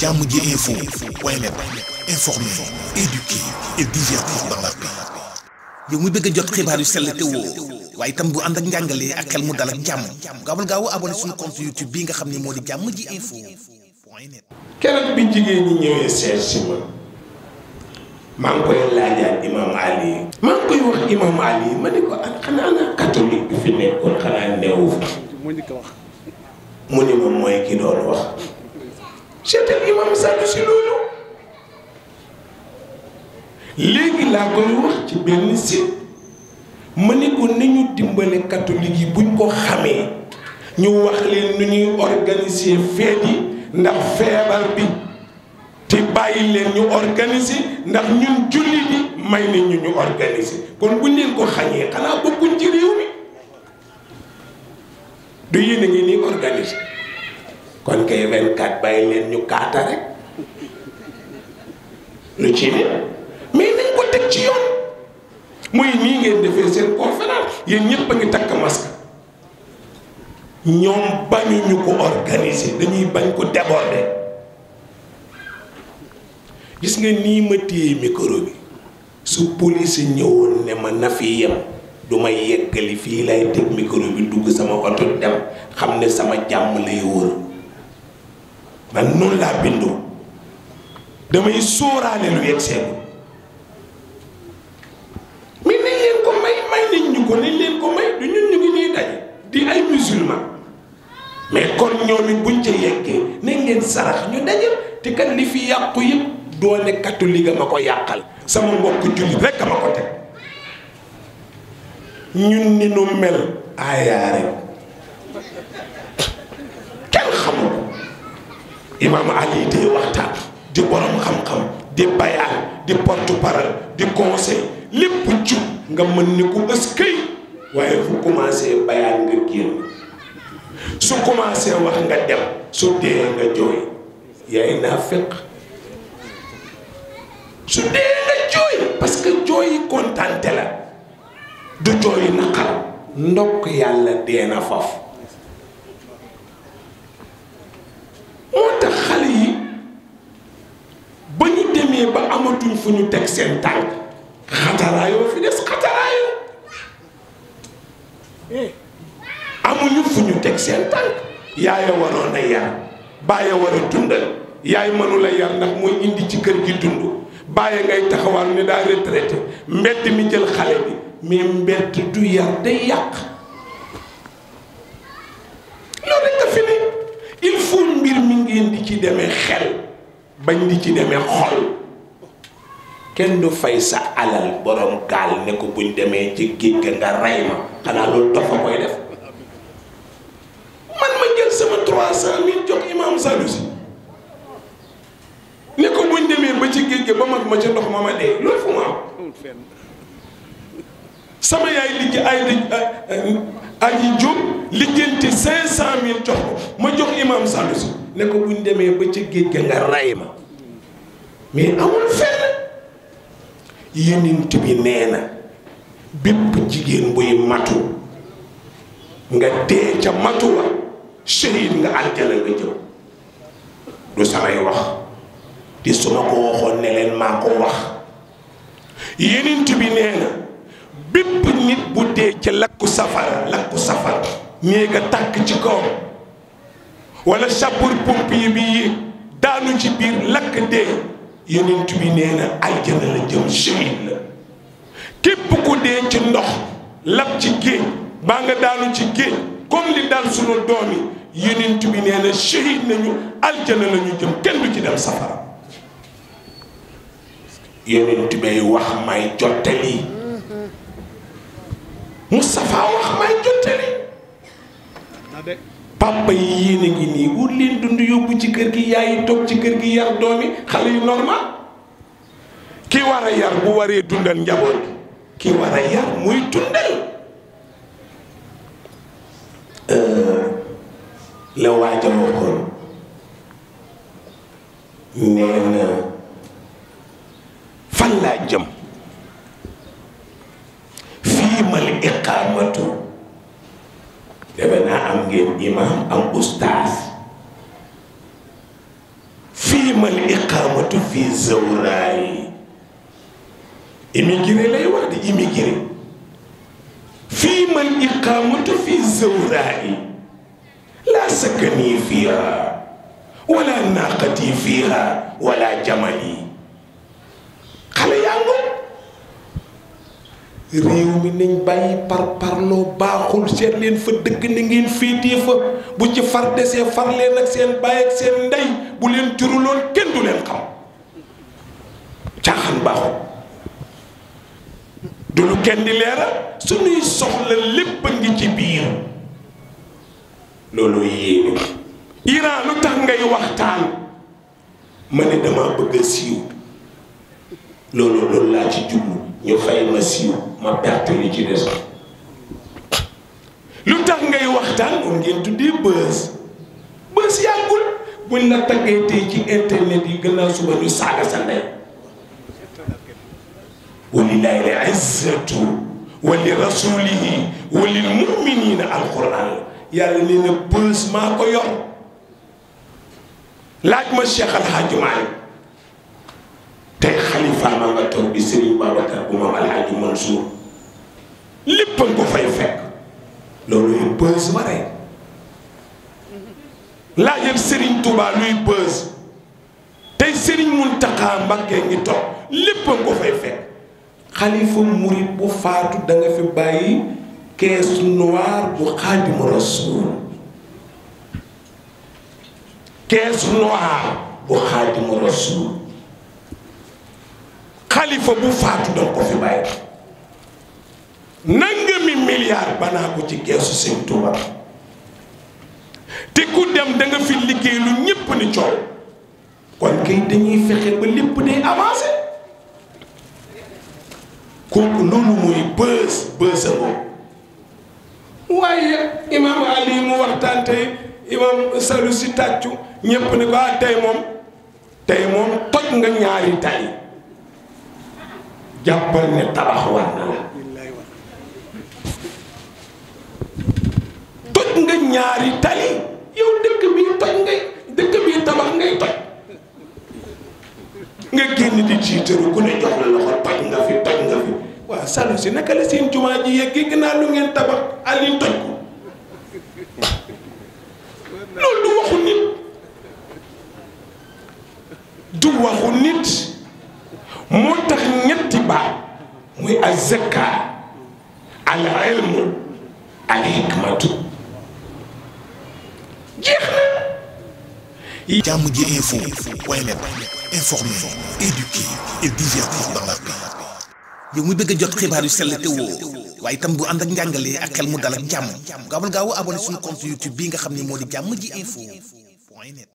jàmm ji info point net informer, éduquer et divertir dans la paix. bëgg a jot xibaar yu sell te woo waaye itam bu ànd ak njàngalee ak xel mu dal ak jàmm gaawal gaaw abonné suñu compte YouTube bii nga xam ne moo di jàmm ji info point net. keroog bi jigéen ñi ñëwee seet si ma maa koy laajaat imaam Ali. maa koy wax imaam Ali ma ne ko ak xanaa naa catholique bi fi nekkoon xanaa neewu mu ni ma mooy ki wax. Cheikh al Imam Sadou si loolu léegi laa koy wax ci benn site ma ne ko nañu dimbale katolik yi buñ ko xamee ñu wax leen nu ñuy organiser feet yi ndax feebar bi te bàyyi leen ñu organiser ndax ñun julli bi may na ñu ñu organiser kon buñ leen ko xañee xanaa bokkuñ ci réew mi du yéen a ngi nii organiser kon kay 24 bàyyi leen ñu kaata rek ci ne mais nañ ko teg ci yoon muy nii ngeen defee seen conférence yéen ñëpp a ngi takk masque ñoom bañuñu ko organiser dañuy bañ ko déborder gis nga nii ma téye micro bi su police ñëwoon ne ma na yem du ma fii lay teg micro bi dugg sama oto dem xam ne sama jàmm lay wër man noonu laa bindoo damay sóoraale lu yegg seegu mais nañ leen ko may may nañ ñu ko nañ leen ko may du ñun ñu ngi ñuy daje di ay musulman mais kon ñoom it buñ yeggee na ngeen sarax ñu daje te kat li fi yàqu yëpp doone catholique ma ko yàqal sama mbokk jullit rekk ma ko teg ñun ni nu mel aayaare kenn xamul imaamu ali day waxtaan di borom xam-xam di bayaal di porte di conseil lépp jub nga mën ni ku ëskay waaye fu commencé bayaal nga génn su commencé wax nga dem su dee nga jooy yaay naa su dee nga jooy parce que jooyi kontante la du jooyi naqar ndokk yàlla dee na faf ñu teg seen tànk xataraayoo eh. amuñu fu ñu teg seen tànk yaaya waroon a yar bàyyi war a dundal yaay mënu la yar ndax mooy indi ci kër gi dund bàyyi ngay taxawal ne daa retraité mbedd mi jël xale bi mais mbedd du yar day yàq loolu rekk a il faut mbir mi ngeen di ci demee xel bañ di ci demee xol kenn du fay sa alal borom gaal ne ko buñ demee ci géej ga nga rey ma xanaa loolu tofa mooy def man ma jël sama trois cent mille jox imam Sanusi ne demee ba ci géej ga ba ma ca ndox ma ma dee loolu fu mu am sama yaay liggi ay aji jóg liggéenti cinq cent mille jox ma jox imam Sanusi ne ko buñ demee ba ci géej ga nga rey ma mais amul fenn yonent bi nee na bépp jigéen buy matu nga dee ca matu wa shahid nga aljana nga jëm du samay wax di su ma ko waxoon ne leen maa ko wax yonent bi nee na bépp nit bu dee ca lakku safara lakku safara néeg a tàkk ci kaw wala sapeur pompier bi daanu ci biir lakk dee yonent bi nee na aljana la jëm chemine la képp ku dee ci ndox lab ci géej baa nga daanu ci géej comme li dal sunu doom yi yonent bi nee na shahid nañu aljana la jëm kenn du ci dem safara yonent bay wax may jottali Moustapha wax may jottali papa yi yéen ngi nii wut leen dund yóbbu ci kër gi yaay yi toog ci kër gi yar doom yi xale yu normal ki war a yar bu waree dundal njaboot ki war a yar muy dundal euh, la waaja waxoon nee na defe naa am ngeen imaam am ustaas fii mal iqaamatu fii zawraay immigré lay wax di immigré fii mal iqaamatu fii zawraay laa sakanii fiiha wala naaqati fiiha wala jamali xale yaa ngoon réew mi nañ bàyyi par parloo baaxul seet leen fa dëgg ni ngeen féetee fa bu ci far desee far leen ak seen baay ak seen ndey bu leen juruloon kenn du leen xam caaxaan baaxul du lu kenn di leera suñuy soxla lépp ngi ci biir loolu yéeme Iran lu tax ngay waxtaan ma ne dama bëgg siiw loolu loolu laa ci jublu ñu fay ma siiw ma perte li ci des lu tax ngay waxtaan mun ngeen tuddee bës bës yàggul buñ la taggee tey ci internet yi gannaaw suba ñu saaga sa ndey walillahi al izzatu wa li rasulihi wa lil muminina alquran yàlla nee na bës maa ko yor laaj ma Cheikh Alhaaji tey xalifaama nga toog di Serigne Babacar bu moom Alhaji Mansour lépp nga fay fekk loolu yu bës ba rek laajal Serigne Touba luy bës tey Serigne Mountakha Mbacké ngi toog lépp nga fay fekk xalifa murit bu faatu da nga fi bàyyi caisse noire bu Xaadimu Rasuul caisse noire bu Xaadimu Rasuul kilifa bu faatu doo ko fi bàyyi nangami milliard banaa ko ci geesu seen Tuuba te ku dem da fi liggéey lu ñépp ni coow kon kay dañuy fexe ba lépp day avancé kooku loolu mooy bës bës moom waaye imaam Ali mu waxtaan tey imaam Salu si tàccu ñépp ni ko ah tey moom tey moom toj nga ñaari tali jàppal ne tabax war na la toj nga ñaari tali yow dëkk bi toj ngay dëkk bi tabax ngay toj nga génn di jiitaru ku ne jox la loxo toj nga fi toj nga fi waaw salu si naka la seen jumaa ji yeggee gannaaw lu ngeen tabax alin toj ko loolu du waxu nit du waxu nit moo ni azaka al ji info waaye nag informer, éduquer et divertir dans la paix. yow bëgg a jot xibaar yu sell te woo waaye itam bu ànd ak njàngalee ak xel mu dal ak jàmm gaawal gaaw abonné suñu compte YouTube bii nga xam ne moo di jàmm ji info